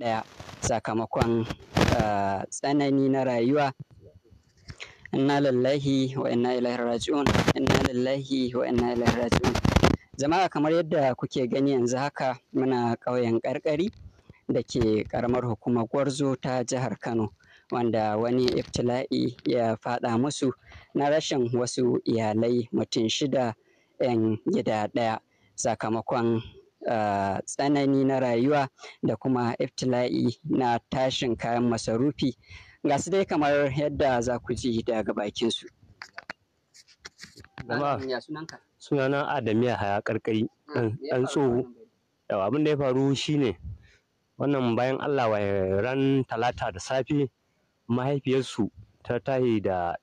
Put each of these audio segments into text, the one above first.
ɗaya sakamakon eh, tsanani na rayuwa inna lillahi wa inna ilaihi raji'un inna lillahi wa inna ilaihi raji'un jama'a kamar yadda kuke gani yanzu haka muna ƙauyen karkari da ke karamar hukumar gwarzo ta jihar kano wanda wani iftila'i ya faɗa musu na rashin wasu iyalai mutum shida 'yan gida ɗaya sakamakon tsanani na rayuwa da kuma iftila'i na tashin kayan masarufi ga su dai kamar yadda za ku ji daga bakinsu. sunana Adamiya Haya Karkari hmm, ɗan tsoho. Abin da ya faru shine wannan bayan Allah wa ran talata da safe mahaifiyarsu ta tahi da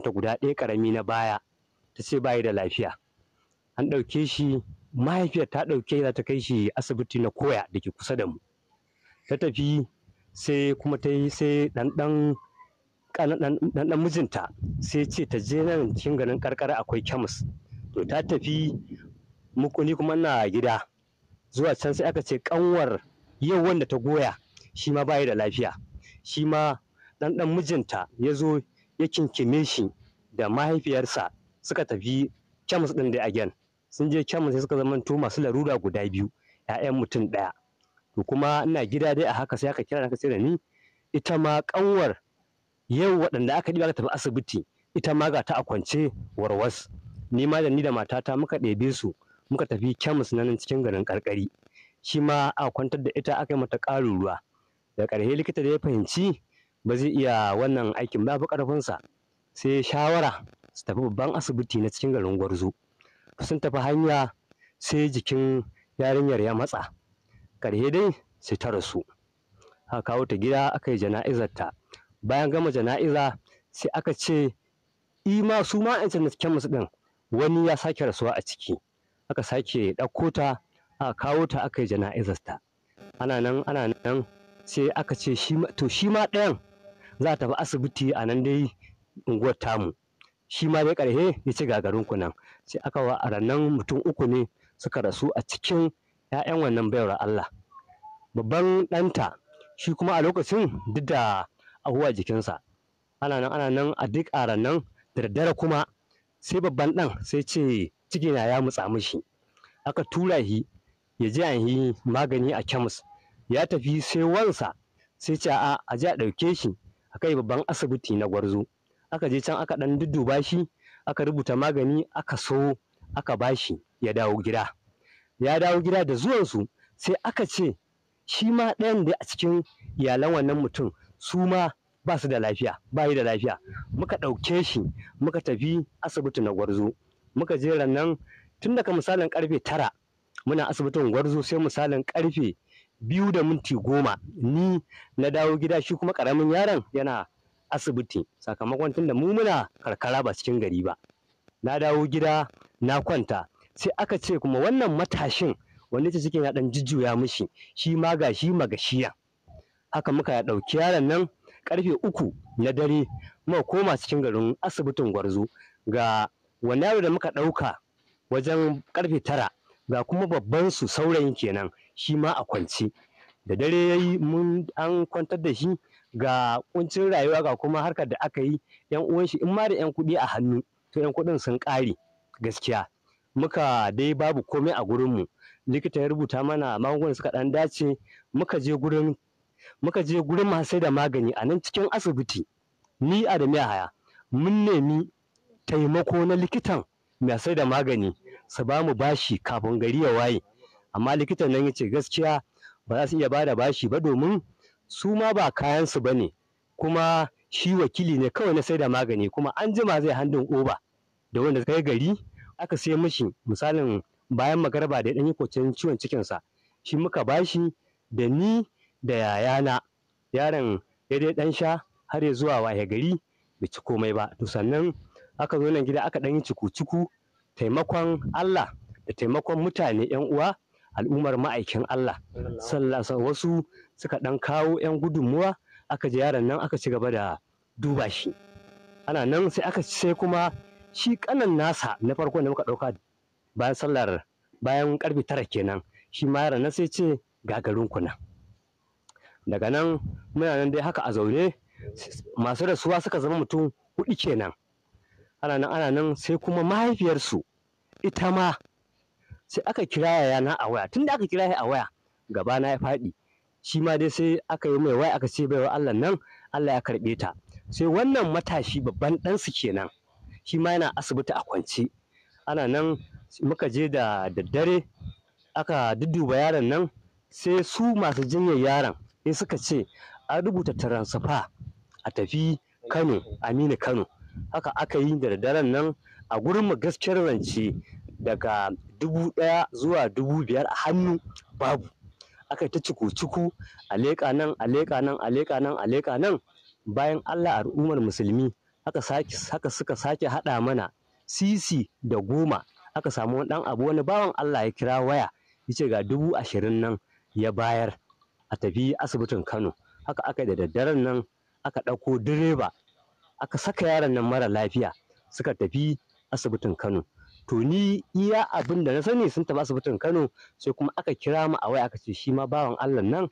ta guda ɗaya karami na baya ta ce bayi da lafiya. An ɗauke shi mahaifiyar ta ɗauke za ta kai shi asibiti na koya da ke kusa da mu ta tafi sai kuma ta yi sai ɗanɗan mijinta sai ce ta je nan cikin ganin karkara akwai kemis to ta tafi mukuni kuma na gida zuwa can sai aka ce kanwar yau wanda ta goya shi ma bayi da lafiya shi ma ɗanɗan mijinta ya zo ya kinkime shi da mahaifiyarsa suka tafi kemis ɗin da again sun je can sai suka zama zamanto masu larura guda biyu 'ya'yan mutum ɗaya to kuma ina gida dai a haka sai aka kira aka sai da ni ita ma ƙanwar yau waɗanda aka ɗiba tafi asibiti ita ma ga ta a kwance warwas ni ma da ni da matata muka ɗebe su muka tafi kyamus na nan cikin garin karkari shi ma a kwantar da ita aka yi mata ƙarin ruwa da ƙarshe likita da ya fahimci ba zai iya wannan aikin ba fi ƙarfinsa sai shawara su tafi babban asibiti na cikin garin gwarzo sun tafi hanya sai jikin yarinyar ya matsa ƙarshe dai sai ta rasu aka kawo ta gida aka yi ta bayan gama jana'iza sai aka ce ima su ma 'yancin da kemis ɗin wani ya sake rasuwa a ciki aka sake ɗauko ta aka kawo ta aka yi ta ana nan ana nan sai aka ce to shi ma ɗayan za a tafi asibiti a nan dai unguwar tamu shi ma dai karhe ya ci gagarin kunan sai aka wa a rannan mutum uku ne suka rasu a cikin 'ya'yan wannan bayar Allah babban ɗanta shi kuma a lokacin duk da ahuwa jikinsa ana nan ana nan a duk a rannan da daddare kuma sai babban ɗan sai ce ciki na ya mutsa mishi aka tura shi ya je an yi magani a kemis ya tafi sai wansa sai ce a a ji a ɗauke shi a kai babban asibiti na gwarzo aka je can aka ɗan dudduba shi aka rubuta magani aka so aka bashi ya dawo gida ya dawo gida da zuwansu sai aka ce shi ma ɗayan da a cikin iyalan wannan mutum su ma ba su da lafiya ba yi da lafiya muka ɗauke shi muka tafi asibiti na gwarzo muka je nan tun daga misalin karfe tara muna asibitin gwarzo sai misalin karfe biyu da minti goma ni na dawo gida shi kuma ƙaramin yaron yana asibiti sakamakon tunda mu muna karkara ba cikin gari ba na dawo gida na kwanta sai aka ce kuma wannan matashin wanda ta cikin ya dan jujjuya mishi shi ma ga shi magashiya haka muka ɗauki yaron nan karfe uku na dare muka koma cikin garin asibitin gwarzo ga wani yaro da muka ɗauka wajen karfe tara ga kuma babban su saurayin kenan shi ma a kwance da dare yayi mun an kwantar da shi ga ƙuncin rayuwa ga kuma harkar da aka yi yan uwan shi in ma da yan kuɗi a hannu to yan kuɗin sun ƙare gaskiya muka dai babu komai a gurinmu likita ya rubuta mana magungunan suka ɗan dace muka je gurin muka je gurin masu sai da magani a nan cikin asibiti ni a da haya mun nemi taimako na likitan mai sai da magani su ba mu bashi kafin gari ya waye amma likitan nan ya ce gaskiya ba za su iya ba da bashi ba domin su ma ba kayansu ba ne kuma shi wakili ne kawai na sai da magani kuma an jima zai handin oba da wanda kai gari aka sai mishi misalin bayan magarba da ɗan yi ciwon cikinsa shi muka bashi da ni da yayana yaron ya dai ɗan sha har ya zuwa waye gari bai ci komai ba to sannan aka zo nan gida aka ɗan yi ciku-ciku taimakon Allah da taimakon mutane 'yan uwa al'ummar ma'aikin Allah sallasa wasu suka ɗan kawo 'yan gudunmuwa aka ji yaron nan aka ci gaba da duba shi ana nan sai aka sai kuma shi kanan nasa na farko da muka ɗauka bayan sallar bayan karfe tara kenan shi ma yaron nan sai ce gagarin nan daga nan muna nan dai haka a zaune masu rasuwa suka zama mutum hudu kenan ana nan ana nan sai kuma mahaifiyarsu ita ma sai aka kira yayana a waya tunda aka kira shi a waya gaba na ya faɗi shi ma dai sai aka yi mai waya aka ce baiwa Allah nan Allah ya karɓe ta sai wannan matashi babban ɗansu kenan shi ma yana asibiti a kwance ana nan muka je da daddare aka dudduba yaron nan sai su masu jinyar yaron sai suka ce an rubuta taransifa a tafi Kano Aminu Kano haka aka yi da daddaren nan a gurin mu gaskiyar rance daga dubu ɗaya zuwa dubu biyar a hannu babu akai ta ciku-ciku a leƙa nan a leƙa nan a leƙa nan a leƙa nan bayan Allah al'ummar musulmi aka sake haka suka sake haɗa mana sisi da goma aka samu wani ɗan abu wani bawan Allah ya kira waya ya ce ga dubu ashirin nan ya bayar a tafi asibitin Kano haka aka da daddaren nan aka ɗauko direba aka saka yaron nan mara lafiya suka tafi asibitin Kano to ni iya abin da na sani sun tafi asibitin kano sai kuma aka kira mu a waya aka ce shi ma bawan allah nan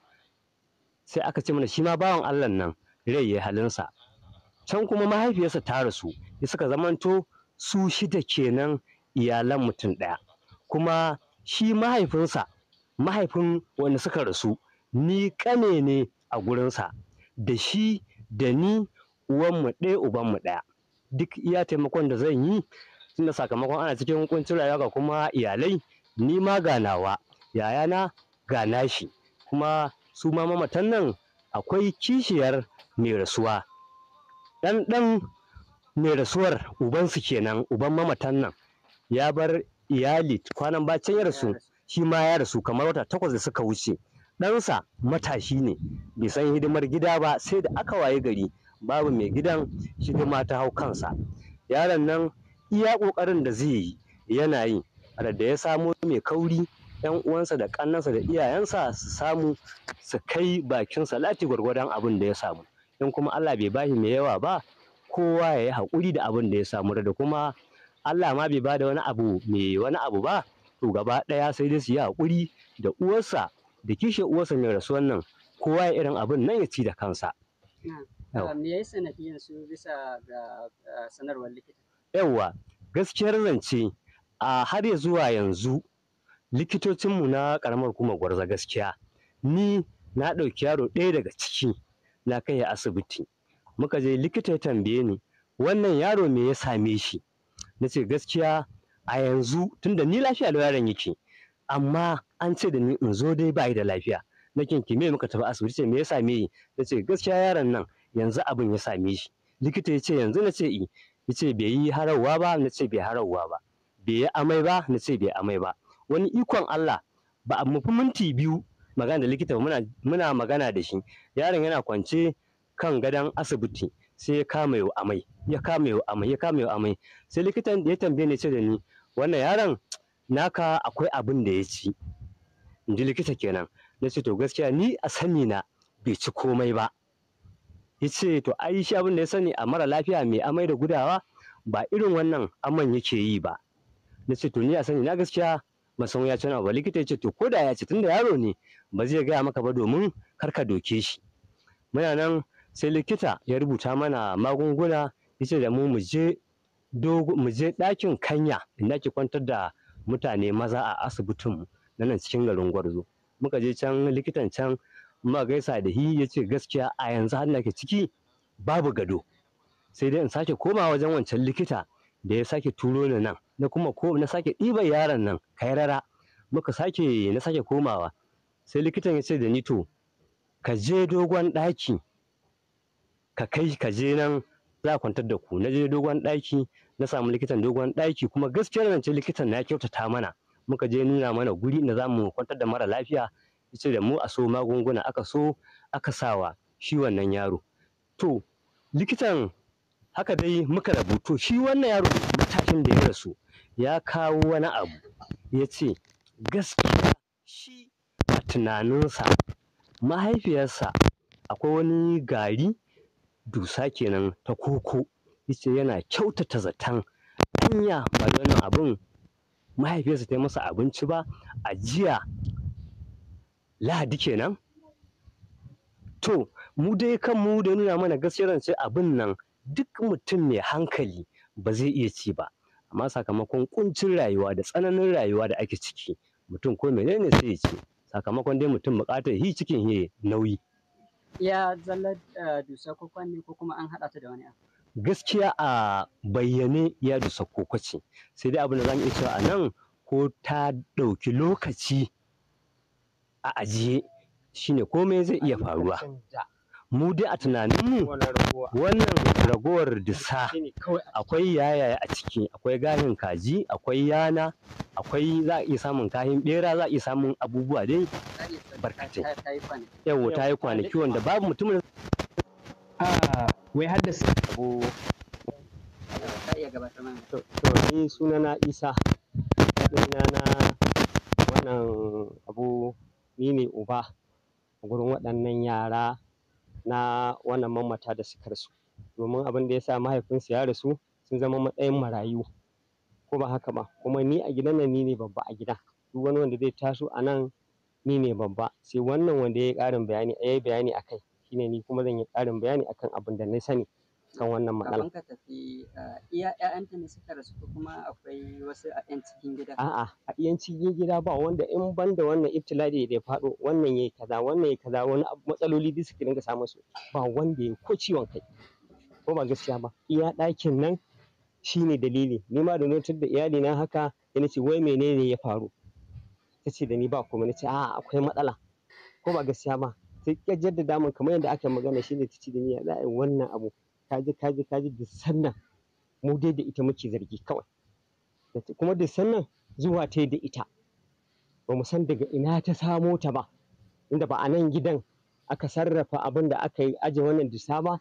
sai aka ce mana shi ma bawan allah nan rai ya halinsa can kuma mahaifiyarsa ta rasu ya suka zamanto su shida kenan iyalan mutum ɗaya kuma shi mahaifinsa mahaifin wanda suka rasu ni kane ne a gurinsa da shi da ni uwanmu ɗaya uban mu ɗaya duk iya taimakon da zan yi tunda sakamakon ana cikin hukuncin rayuwa ga kuma iyalai ni ma ga nawa yayana ga nashi kuma su ma mamatan nan akwai kishiyar mai rasuwa ɗan ɗan mai rasuwar ubansu kenan uban mamatan nan ya bar iyali kwanan bacin ya rasu shi ma ya rasu kamar wata takwas da suka wuce ɗansa matashi ne bai san hidimar gida ba sai da aka waye gari babu mai gidan hidima ta hau kansa yaron nan iya ƙoƙarin da zai yi yana yi da ya samo mai kauri yan uwansa da ƙannansa da iyayensa su samu su kai bakin salati gwargwadon abin da ya samu in kuma Allah bai bashi mai yawa ba kowa ya yi haƙuri da abin da ya samu da kuma Allah ma bai bada wani abu mai wani abu ba to gaba ɗaya sai dai su yi haƙuri da uwarsa da kishe uwarsa mai rasuwan nan kowa ya irin abin nan ya ci da kansa. Me ya yi sanadiyan su bisa ga ah, sanarwar likita? Yauwa, gaskiyar zance a har ya zuwa yanzu likitocinmu na ƙaramar kuma gwarza gaskiya ni na ɗauki yaro ɗaya daga ciki na kai ya asibiti muka je likita ya tambaye ni wannan yaro me ya same shi na ce gaskiya a yanzu tunda ni lafiya da yaron yake amma an ce da ni in zo dai ba da lafiya na kinki me muka tafi asibiti ce me ya same shi na ce gaskiya yaron nan yanzu abin ya same shi likita ya ce yanzu na ce i yace bai yi harawa ba nace bai harawa ba bai yi amai ba nace bai amai ba wani ikon Allah ba a mufi minti biyu magana da likita muna muna magana da shi yaron yana kwance kan gadon asibiti sai ya kama yau amai ya kama yau amai ya kama yau amai sai likitan ya tambaye ni ce da ni wannan yaron naka akwai abin da ya ci in ji likita kenan na ce to gaskiya ni a sani na bai ci komai ba yace to ai shi abin da ya sani a mara lafiya mai amai da gudawa ba irin wannan aman yake yi ba na ce to ni a sani na gaskiya ba ya cana ba likita yace ce to ko da ya ce tunda yaro ne ba zai gaya maka ba domin kar ka doke shi muna nan sai likita ya rubuta mana magunguna yace da mu mu je mu je ɗakin kanya inda ke kwantar da mutane maza a asibitin na nan cikin garin gwarzo muka je can likitan can ma gaisa da hi ya ce gaskiya a yanzu har nake ciki babu gado sai dai in sake koma wajen wancan likita da ya sake turo ni nan na kuma ko na sake ɗiban yaron nan kai rara muka sake na sake komawa sai likitan ya ce da ni to ka je dogon ɗaki ka kai ka je nan za a kwantar da ku na je dogon ɗaki na samu likitan dogon ɗaki kuma gaskiya na ce likitan na kyautata mana muka je nuna mana guri na za mu kwantar da mara lafiya Ice da mu a so magunguna aka so aka sawa shi wannan yaro to likitan haka dai muka rabu to shi wannan yaro matashin da ya rasu ya kawo wani abu ya ce gaskiya shi a tunaninsa mahaifiyarsa akwai wani gari dusa kenan ta koko ice yana kyautata zaton hanya ba da abun mahaifiyarsa ta yi masa abinci ba a jiya lahadi kenan to mu dai kanmu da nuna mana gaskiyar ce abin nan duk mutum mai hankali ba zai iya ci ba amma sakamakon kuncin rayuwa da tsananin rayuwa da ake ciki mutum ko menene sai ya ci sakamakon dai mutum buƙatar hi cikin ya nauyi ya zallar eh, dusa kokon ne ko kuma an haɗa ta da wani abu gaskiya a bayyane ya dusa koko sai dai abin da zamu iya cewa a nan ko ta ɗauki lokaci a ajiye shine komai zai iya faruwa mu dai a tunaninmu wannan ragowar disa akwai yaya a ciki akwai gahin kaji akwai yana akwai za a iya samun kahin bera za a iya samun abubuwa dai barkatai Yau ta yi kwanaki wanda babu mutumin ah, wai haddasa abu to ni sunana isa na wannan abu ni ne uba a gurin waɗannan yara na wannan mamata da suka rasu domin abin da ya sa mahaifinsu ya rasu sun zama matsayin marayu ko ba haka ba kuma ni a gidan nan ni ne babba a gida duk wani wanda zai taso a nan ni ne babba sai wannan wanda ya yi ƙarin bayani ya yi bayani a kai shine ni kuma zan yi ƙarin bayani akan abin da na sani kan wannan matsala. Kafin ka tafi ah, iya ƴaƴanta ne suka rasu ko kuma akwai wasu a ƴan cikin gida? A'a a ƴan cikin gida ba wanda in ban da wannan ibtila'i da ya faɗo wannan yayi kaza wannan yayi kaza wani matsaloli duk suka dinga samun su ba wanda yayi ko ciwon kai ko ba gaskiya ba iya ɗakin nan shine dalili ni ma da notar da iyali na haka sai nace wai menene ya faru ta ce da ni ba komai nace a'a akwai matsala ko ba gaskiya ba sai ka jaddada min kamar yadda aka magana shine ta ce da ni za a yi wannan abu ji kaji ji da sannan mu dai da ita muke zargi kawai kuma da sannan zuwa ta yi da ita ba mu san daga ina ta samo ta ba inda ba a nan gidan aka sarrafa abin da aka yi aji wannan dusa ba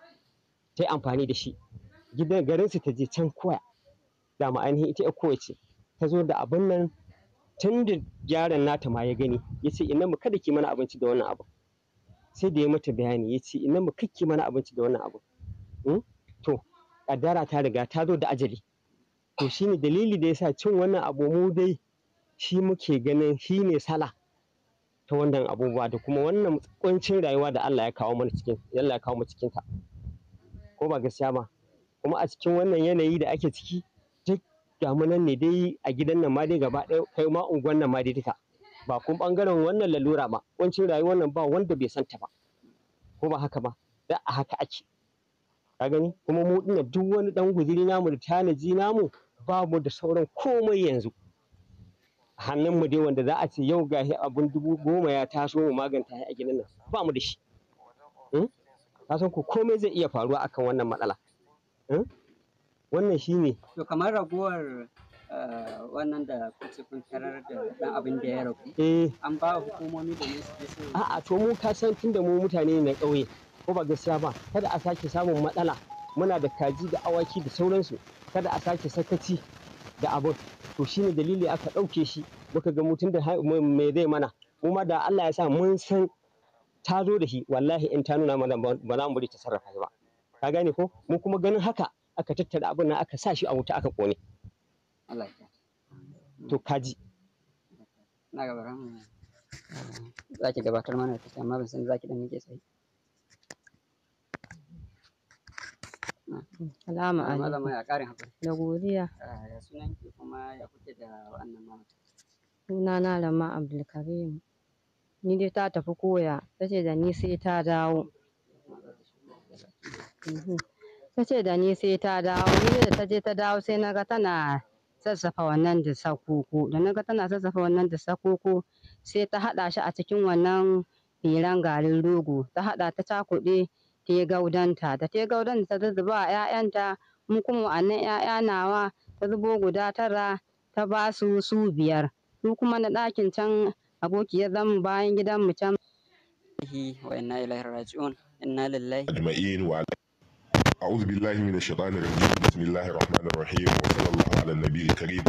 ta yi amfani da shi gidan garinsu ta je can kwaya. da ma ainihin ita ya koya ce ta zo da abin nan tun da yaron nata ma ya gani ya ce ina mu kada ki mana abinci da wannan abu sai da ya mata bayani ya ce ina mu kakki mana abinci da wannan abu Hmm? to kaddara ta riga ta zo da ajali to shine dalili da yasa cin wannan abu mu dai shi muke ganin shine sala ta wannan abubuwa da kuma wannan kuncin rayuwa da Allah ya kawo mana cikin Allah ya kawo mu cikin ta ko ba gaskiya ba kuma a cikin wannan yanayi da ake ciki duk damu nan ne dai a gidan nan ma dai gaba ɗaya kai ma unguwan nan ma dai duka ba kun bangaren wannan lalura ba kuncin rayuwar nan ba wanda bai santa ba ko ba haka ba da a haka ake ka gani kuma mu ɗin duk wani ɗan guduri namu da tanaji namu babu da sauran komai yanzu hannun mu dai wanda za a ce yau gahi abun dubu goma ya taso mu maganta a gidan nan ba mu da shi hmm? ka san ko komai zai iya faruwa akan wannan matsala hmm? wannan shi ne. to kamar ragowar eh, wannan da kuce kun tarar da dan abin da ya ragu eh. an ba hukumomi da ne su a'a to mu ka san tunda mu mutane ne na ƙauye ko ba gaskiya ba kada a sake samun matsala muna da kaji da awaki da sauransu kada a sake sakaci da abin to shine dalili aka ɗauke shi muka ga mutum da me zai mana kuma da Allah ya sa mun san ta zo da shi wallahi in ta nuna mana ba za mu bari ta sarrafa shi ba ka gane ko mu kuma ganin haka aka tattara abin nan aka sa shi a wuta aka kone to kaji na gaba za ki gabatar mana da amma ban san za ki dan mike tsaye Salamu alaikum. ya Da godiya. Ah, ya sunan ki kuma ya kuke da wannan Abdulkarim. Ni dai ta tafi koya, ta ce da ni sai ta dawo. Mhm. da ni sai ta dawo, ni da ta je ta dawo sai na ga tana sassafa wannan da sakoko, Da na ga tana sassafa wannan da sakoko, sai ta haɗa shi a cikin wannan firan garin rogo, ta haɗa ta cakuɗe te da te gaudanta ta zuba a 'ya'yanta mu kuma wa'annan 'ya'ya nawa ta zubo guda tara ta ba su su biyar su kuma na ɗakin can abokiyar zamu bayan gidan mu can wa inna ilaihi ajma'in أعوذ بالله من الشيطان الرجيم بسم الله الرحمن الرحيم وصلى الله على النبي الكريم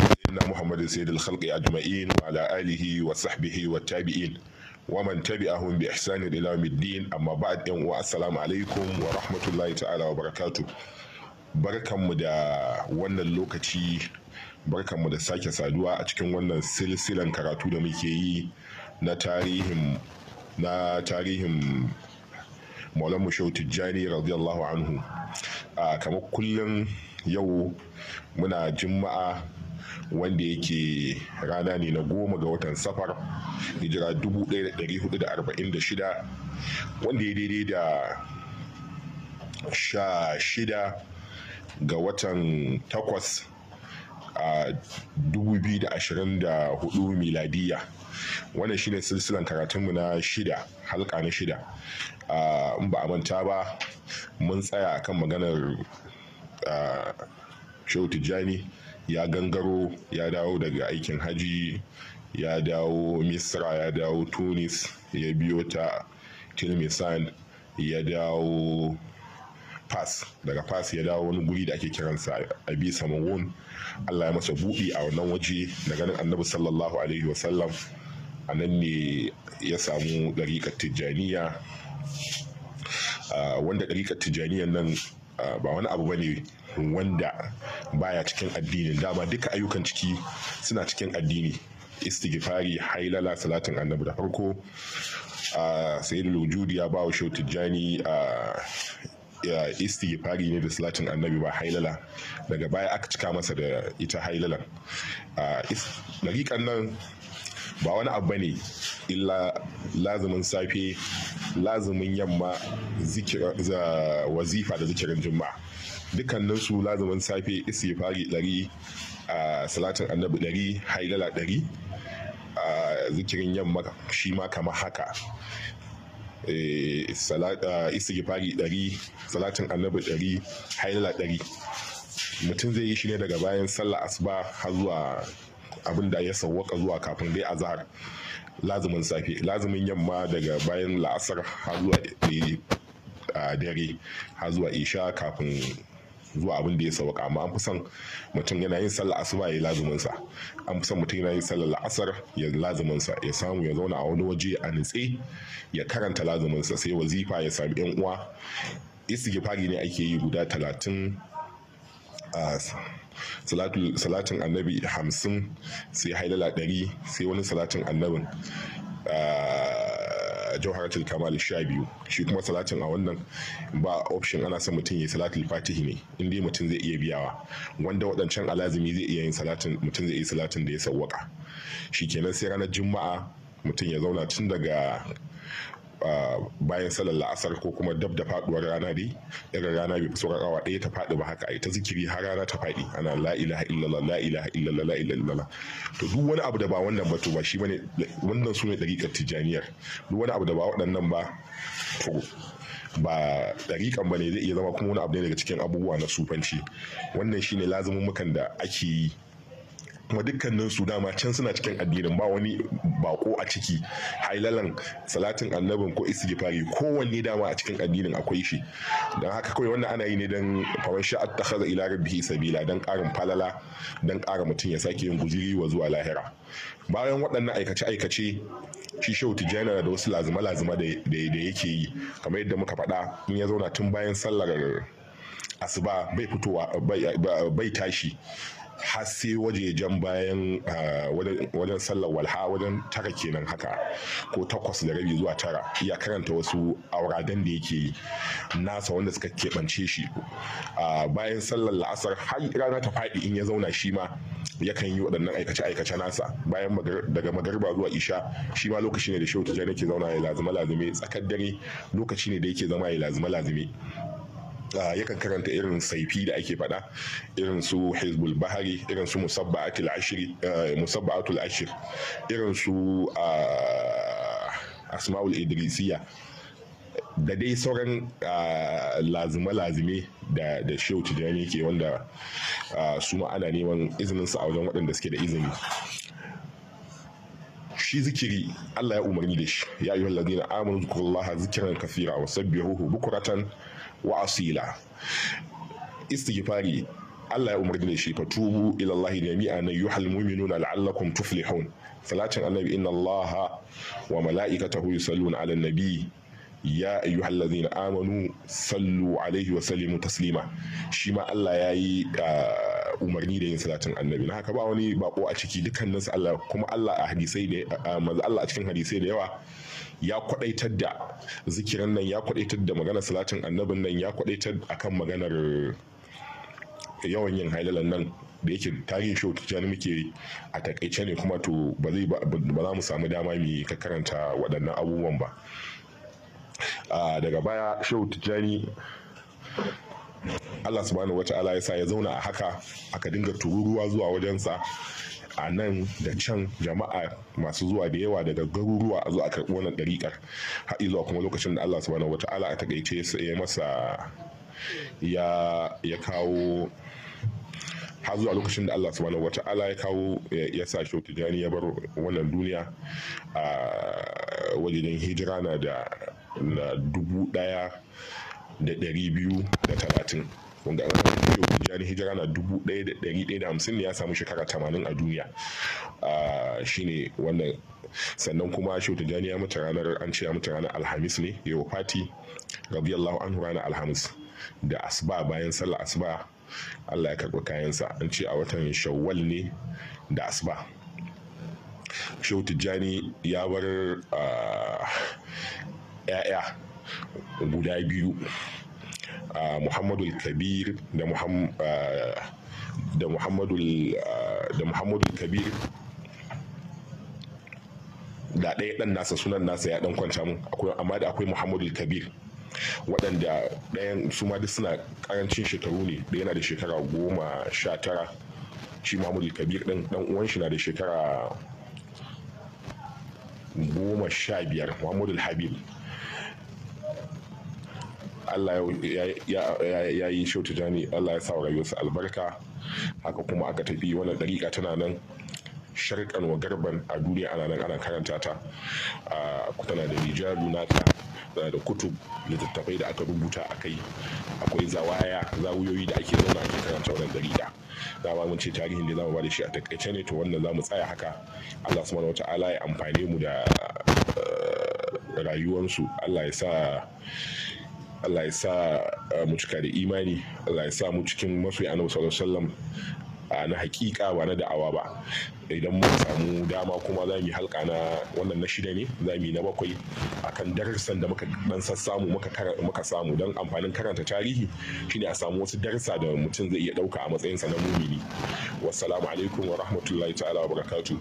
سيدنا محمد سيد الخلق أجمعين وعلى آله وصحبه والتابعين wa man tabi'ahum bi ihsanin ila yawmiddin amma ba'ad yan uwa assalamu alaikum wa rahmatullahi ta'ala wa barakatuh barkanmu da wannan lokaci barkanmu da sake saduwa a cikin wannan silsilan karatu da muke yi na tarihin na tarihin Maulana Shehu Tijjani radiyallahu anhu a kamar kullum yau muna juma'a wanda yake rana ne na goma ga watan safar hijira 1446 wanda ya daidai da sha shida ga watan takwas a 2024 miladiya wannan shine silsilan karatunmu na shida halka na shida in ba a manta ba mun tsaya akan maganar shehu tijjani ya gangaro ya dawo daga aikin haji ya dawo misra ya dawo tunis ya biyo ta tilmisan ya dawo pass daga pass ya dawo wani guri da ake kiransa a samun samawun allah ya masa buɗi a wannan waje da ganin annabi sallallahu alaihi wasallam a nan ne ya samu ɗariƙar tijjaniya ah, wanda ɗariƙar tijjaniya nan ah, ba wani abu ba ne wanda baya cikin addini dama duka ayyukan ciki suna cikin addini istighfari hailala salatin annabi da farko a sayyidul lujudi ya bawa shehu tijjani a istighfari ne da salatin annabi ba hailala daga baya aka cika masa da ita hailalan dariƙan nan ba wani abu bane illa lazumin safe lazumin yamma wazifa da zikirin juma'a dukkanin su lazumin safe fari dari a salatin annabi dari hailala dari a zikirin yamma shi ma kama haka e, fari dari salatin annabi dari hailala dari mutum zai yi shi ne daga bayan sallah asuba har zuwa abin da ya sawwaka zuwa kafin dai azhar lazumin safe lazumin yamma daga bayan la'asar har zuwa dare har zuwa isha kafin zuwa abin da ya sauka amma an fi son mutum yana yin sallar asuba ya lazumin sa an fi son mutum yana yin sallar la'asar ya lazumin sa ya samu ya zauna a wani waje a nutse ya karanta lazumin sai wazifa ya sami yan uwa fari ne ake yi guda talatin salatin annabi hamsin sai hailala ɗari sai wani salatin annabin jawharatul kamal sha biyu shi kuma salatin a wannan ba option ana son mutum ya salatul fatihi ne inda mutum zai iya biyawa wanda waɗancan alazumi zai iya yin salatin mutum zai iya salatin da ya sawwaka kenan sai ranar juma'a mutum ya zauna tun daga bayan salar la'asar ko kuma dab da faduwar rana dai daga rana bai sauran awa ɗaya ta faɗi ba haka ai ta zikiri har rana ta faɗi ana la ilaha illallah la ilaha illallah la ilaha illallah to duk wani abu da ba wannan ba to ba shi bane wannan sune dariƙar tijaniyar duk wani abu da ba waɗannan ba to ba dariƙan ba ne zai iya zama kuma wani abu ne daga cikin abubuwa na sufanci wannan shine lazumin mukan da ake yi kuma dukkanin su dama can suna cikin addinin ba wani bako a ciki hailalan salatin annabin ko istighfari kowanne dama a cikin addinin akwai shi don haka kawai wannan ana yi ne don faman sha'at ta kaza ila rabbihi sabila don karin falala don kara mutum ya sake yin gujiri wa zuwa lahira bayan waɗannan aikace aikace shi shehu tijjani da wasu lazima lazima da yake yi kamar yadda muka faɗa in ya zauna tun bayan sallar asuba bai fitowa bai tashi har sai jan bayan ah, wajen sallar walha wajen tara kenan haka ko takwas da rabi zuwa tara ya karanta wasu auradan da yake nasa wanda suka keɓance shi ah, bayan sallar la'asar har rana ta faɗi in ya zauna shi ma yakan yi waɗannan aikace-aikace nasa bayan daga magarba zuwa isha shi ma lokaci ne da shehu tijjani ke zauna ya lazima lazime tsakar dare lokaci ne da yake zama ya lazima lazime yakan karanta irin saifi da ake faɗa irin su hezbul bahari irin su musabba'atul ashir eh, irin su ah, asma'ul idrisiya da dai sauran lazima ah, lazime da shehu tijani ke wanda ah, su ma'ana neman neman su a wajen waɗanda suke da izini shi zikiri Allah ya umarni da shi ya ayyuhal ladina amanu zikrullaha zikiran kafira wa sabbihuhu bukratan wa asila istighfari Allah ya umarni da shi fa tubu ila Allah na yuhal mu'minuna la'allakum tuflihun salatin annabi inna Allah wa mala'ikatahu yusalluna 'alan nabi ya ayyuhal ladzina amanu sallu alaihi wa sallimu taslima shi ma Allah yayi ah, umarni da yin salatin annabi na haka ba wani bako a ciki dukkanin su Allah kuma Allah a hadisai da manzo Allah a cikin hadisai da yawa ya kwadaitar da zikiran nan ya kwadaitar da maganar salatin annabin nan ya kwadaitar akan maganar yawan yin halalan nan da yake tarihin shi jani muke a takaice ne kuma to ba za mu samu dama mu ka karanta waɗannan abubuwan ba daga baya shehu tijjani Allah subhanahu wata'ala ya sa ya zauna a haka aka dinga tururuwa zuwa wajensa a nan da can jama'a masu zuwa da yawa daga garuruwa a zuwa karɓi wannan ɗariƙar har zuwa kuma lokacin da Allah subhanahu wata'ala a takaice ya masa ya kawo har zuwa lokacin da Allah subhanahu wata'ala ya kawo ya sa shi tijani ya bar wannan duniya a wajen hijira na da dubu ɗaya. da ɗari biyu da talatin wanda an tijjani hijira na dubu ɗaya da ɗari ɗaya da hamsin ne ya samu shekara tamanin a duniya shine wannan sannan kuma shehu tijjani ya mutu ranar an ce ya mutu ranar alhamis ne yau fati rabiyallahu anhu ranar alhamis da asuba bayan sallar asuba allah ya karɓi kayansa an ce a watan shawwal ne da asuba shehu tijjani ya bar 'ya'ya guda biyu ah, muhammadu kabir da ah, muhammadu ah, kabir da ɗaya ɗan nasa sunan nasa ya ɗan kwanta mun amma da akwai muhammadu kabir waɗanda ɗayan su ma duk suna ƙarancin shekaru ne da yana da shekara goma sha tara shi muhammadu kabir ɗin ɗan uwan shi na da shekara goma sha biyar muhammadu habib Allah ya yi shautu jani Allah ya sa rayuwarsa albarka haka kuma aka tafi wannan dariƙa tana nan sharkan wa garban a duniya ana nan ana karanta ta tana da rijalu nata tana da kutub littattafai da aka rubuta a kai akwai zawaya zawuyoyi da ake zauna ake karanta wannan dariƙa za ba mun ce tarihin da zamu ba da shi a takaice ne to wannan mu tsaya haka Allah subhanahu wataala ya amfane mu da eh, rayuwarsu Allah ya sa Allah ya sa eh, mu cika da imani Allah ya sa mu cikin mafi annabi sallallahu alaihi wasallam na hakika ba na da'awa ba idan mun samu dama kuma za mu yi halka na wannan na shida ne za mu yi na bakwai akan darussan da muka dan mu muka samu don amfanin karanta tarihi shine a samu wasu darasa da mutum zai iya dauka a matsayinsa na mumini wassalamu alaikum wa rahmatullahi ta'ala wa barakatuh